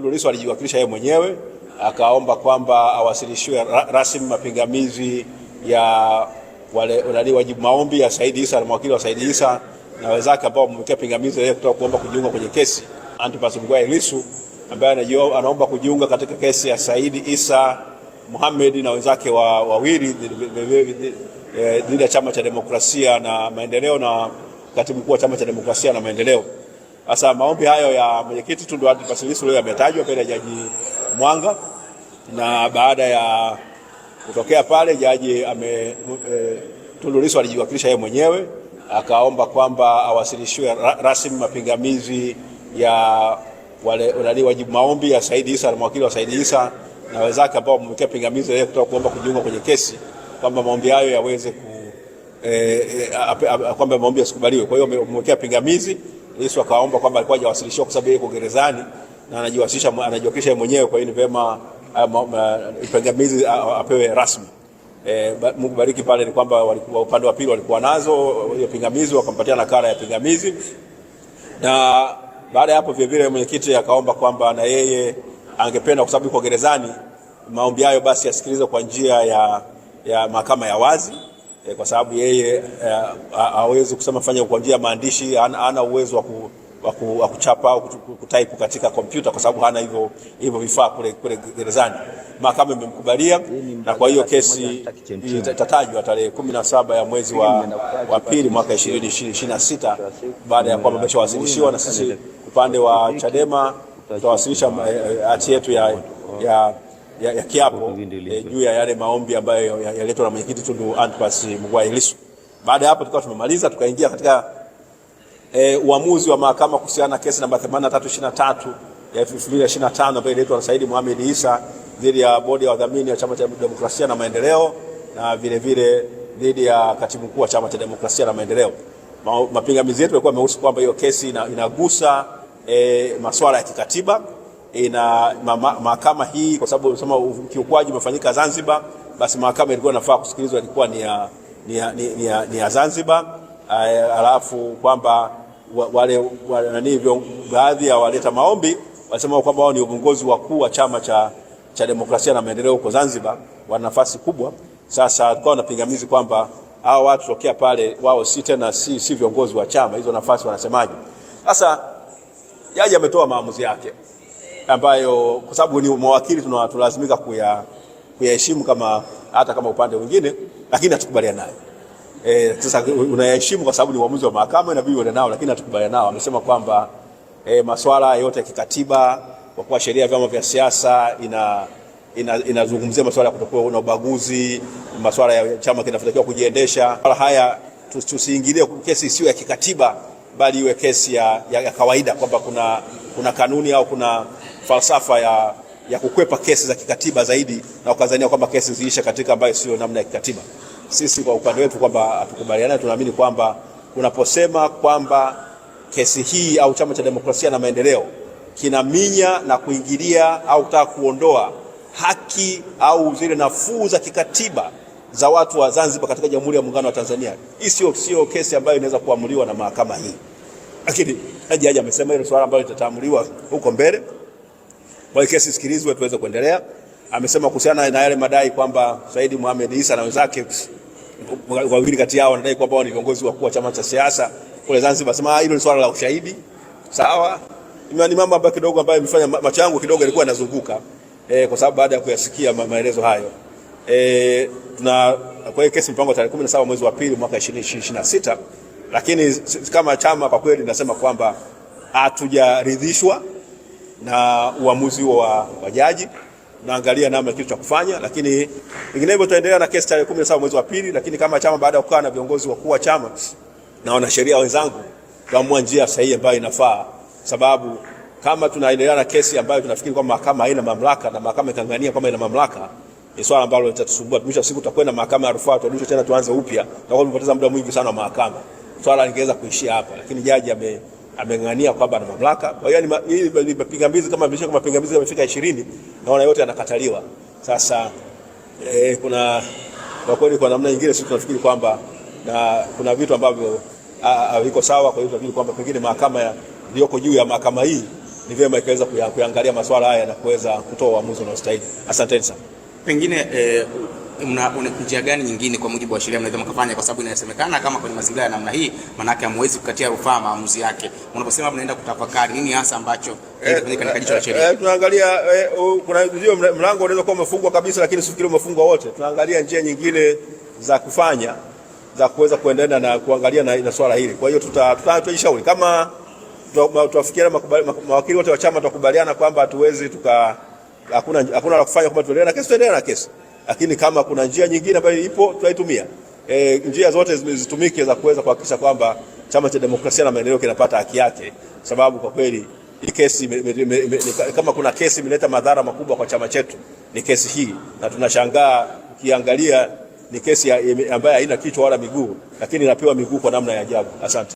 Tundu Lissu alijiwakilisha yeye mwenyewe akaomba kwamba awasilishiwe rasmi mapingamizi ya wale wale wajibu maombi ya Said Issa na mawakili wa Said Issa na wenzake ambao wamemtia pingamizi ile kutoka kuomba kujiunga kwenye kesi. Antipas Mgwai Lissu ambaye anaomba kujiunga katika kesi ya Said Issa Mohamed na wenzake wawili eh, dhidi ya Chama cha Demokrasia na Maendeleo na katibu mkuu wa Chama cha Demokrasia na Maendeleo. Sasa maombi hayo ya mwenyekiti Tundu Antipas Lissu leo yametajwa pale Jaji Mwanga, na baada ya kutokea pale jaji ame e, Tundu Lissu alijiwakilisha yeye mwenyewe akaomba kwamba awasilishiwe rasmi mapingamizi ya wale wale wajibu maombi ya Said Isa na mwakili wa Said Isa na wenzake ambao wamemwekea pingamizi leo kutoka kuomba kujiunga kwenye kesi kwamba maombi hayo yaweze ku e, e, kwamba maombi yasikubaliwe. Kwa hiyo wamemwekea pingamizi Lissu akaomba kwamba alikuwa hajawasilishwa kwa sababu yeye yuko gerezani na anajiwasilisha anajiwakilisha mwenyewe, kwa hiyo ni vema ah, pingamizi ah, apewe rasmi. E, Mungu bariki pale ni kwamba upande wa pili walikuwa nazo hiyo pingamizi, wakampatia nakala ya pingamizi, na baada ya hapo vilevile mwenyekiti akaomba kwamba na yeye angependa kwa sababu yuko gerezani, maombi hayo basi yasikilizwe kwa njia ya, ya mahakama ya wazi e, kwa sababu yeye eh, hawezi kusema fanya kwa njia ya maandishi, hana uwezo wa ku waku, kuchapa au kutaipu katika kompyuta kwa sababu hana hivyo hivyo vifaa kule kule gerezani. Mahakama imemkubalia na kwa hiyo kesi itatajwa tarehe kumi na saba ya mwezi wa, wa pili mwaka 2026 baada ya kwamba ameshawasilishiwa, na sisi upande wa Chadema tutawasilisha eh, hati yetu ya, ya ya, ya kiapo e, juu ya yale maombi ambayo yaletwa na mwenyekiti Tundu Antipas Mugwai Lissu. Baada ya hapo tukawa tumemaliza tukaingia katika e, uamuzi wa mahakama kuhusiana na kesi namba 8323 ya 2025 ambayo ililetwa na Saidi Mohamed Isa dhidi ya bodi ya wadhamini wa Chama cha Demokrasia na Maendeleo na vilevile dhidi ya katibu mkuu wa Chama cha Demokrasia na Maendeleo. Mapingamizi yetu yalikuwa yamehusu kwamba hiyo kesi inagusa e, masuala ya kikatiba ina mahakama hii, kwa sababu unasema ukiukwaji umefanyika Zanzibar, basi mahakama ilikuwa inafaa kusikilizwa ilikuwa ni ya, ni ya, ni ya, ni ya Zanzibar. Alafu kwamba wale nani baadhi ya waleta maombi wanasema kwamba wao ni viongozi wakuu wa chama cha, cha demokrasia na maendeleo huko Zanzibar, wana nafasi kubwa. Sasa tukawa na pingamizi kwamba hao watu tokea pale wao si tena si, si viongozi wa chama, hizo nafasi wanasemaje? Sasa jaji ametoa maamuzi yake ambayo kwa sababu ni mawakili tunalazimika kuya kuyaheshimu kama hata kama upande mwingine, lakini hatukubaliana nayo. Eh, sasa unayaheshimu kwa sababu ni uamuzi wa mahakama, inabidi uende nao, lakini hatukubaliana nao. Amesema kwamba e, masuala yote ya kikatiba kwa kuwa sheria ya vyama vya siasa ina inazungumzia ina masuala ya kutokuwa na ubaguzi, masuala ya chama kinatakiwa kujiendesha. Wala Haya tusiingilie kesi isiyo ya kikatiba, bali iwe kesi ya, ya, ya kawaida kwamba kuna, kuna kanuni au kuna falsafa ya, ya kukwepa kesi za kikatiba zaidi na ukazania kwamba kesi ziisha katika ambayo sio namna ya kikatiba. Sisi kwa upande wetu kwamba hatukubaliana, tunaamini kwamba unaposema kwamba kesi hii au Chama cha Demokrasia na Maendeleo kinaminya na kuingilia au kutaka kuondoa haki au zile nafuu za kikatiba za watu wa Zanzibar katika Jamhuri ya Muungano wa Tanzania, hii sio kesi ambayo inaweza kuamuliwa na mahakama hii, lakini jaji amesema hilo swala ambalo litatamuliwa huko mbele. Kwa hiyo kesi sikilizwe tuweze kuendelea. Amesema kuhusiana na yale madai kwamba Saidi Mohamed Isa na wenzake wawili kati yao wanadai kwamba wao ni viongozi wakuu wa chama cha siasa kule Zanzibar. Sema ah, hilo ni swala la ushahidi. Sawa? Ni mambo ambayo kidogo ambayo imefanya macho yangu kidogo yalikuwa yanazunguka eh, kwa sababu baada ya kuyasikia ma maelezo hayo. Eh, tuna kwa hiyo kesi mpango tarehe 17 mwezi wa pili mwaka 2026, lakini kama chama kwa kweli nasema kwamba hatujaridhishwa na uamuzi wa, wajaji jaji naangalia namna kitu cha kufanya, lakini vinginevyo tutaendelea na kesi tarehe kumi na 17 mwezi wa pili. Lakini kama chama baada ya kukaa na viongozi wakuu wa chama na wanasheria wenzangu tuamua njia sahihi ambayo inafaa, sababu kama tunaendelea na kesi ambayo tunafikiri kwamba mahakama haina mamlaka na mahakama ikangania kwamba ina mamlaka, ni swala ambalo litatusumbua. Mwisho wa siku tutakwenda mahakama ya rufaa, tutarudishwa tena tuanze upya, tutakuwa tumepoteza muda mwingi sana wa mahakama. Swala lingeweza kuishia hapa, lakini jaji ame ameng'ania kwamba ana mamlaka. Kwa hiyo ni mapingamizi kama vile mapingamizi yamefika 20 naona yote yanakataliwa. Sasa eh, kuna kwa kweli, kwa namna nyingine sisi tunafikiri kwamba na kuna vitu ambavyo haviko sawa. Kwa hiyo tunafikiri kwamba pengine mahakama iliyoko juu ya mahakama hii ni vyema ikaweza kuyangalia masuala haya na kuweza kutoa uamuzi unaostahili. Asanteni sana. Pengine eh, una, una njia gani nyingine kwa mujibu wa sheria mnaweza mkafanya, kwa sababu inasemekana kama kwenye mazingira ya namna hii, maana yake hamwezi kukatia rufaa maamuzi yake. Mnaposema mnaenda kutafakari, nini hasa ambacho eh, kinafanyika katika jicho la eh, sheria? Eh, tunaangalia kuna mlango unaweza kuwa umefungwa kabisa, lakini sifikiri umefungwa wote. Tunaangalia njia nyingine za kufanya za kuweza kuendelea na kuangalia na, na swala hili. Kwa hiyo tutajishauri kama tutafikiana mawakili wote wa chama tutakubaliana kwamba hatuwezi tuka hakuna hakuna la kufanya kwamba tuendelee na kesi, tuendelee na kesi lakini kama kuna njia nyingine ambayo ipo tutaitumia. E, njia zote zitumike za kuweza kuhakikisha kwamba Chama cha Demokrasia na Maendeleo kinapata haki yake, sababu kwa kweli hii kesi me, me, me, me, kama kuna kesi imeleta madhara makubwa kwa chama chetu ni kesi hii, na tunashangaa ukiangalia ni kesi ambayo haina kichwa wala miguu, lakini inapewa miguu kwa namna ya ajabu. Asante.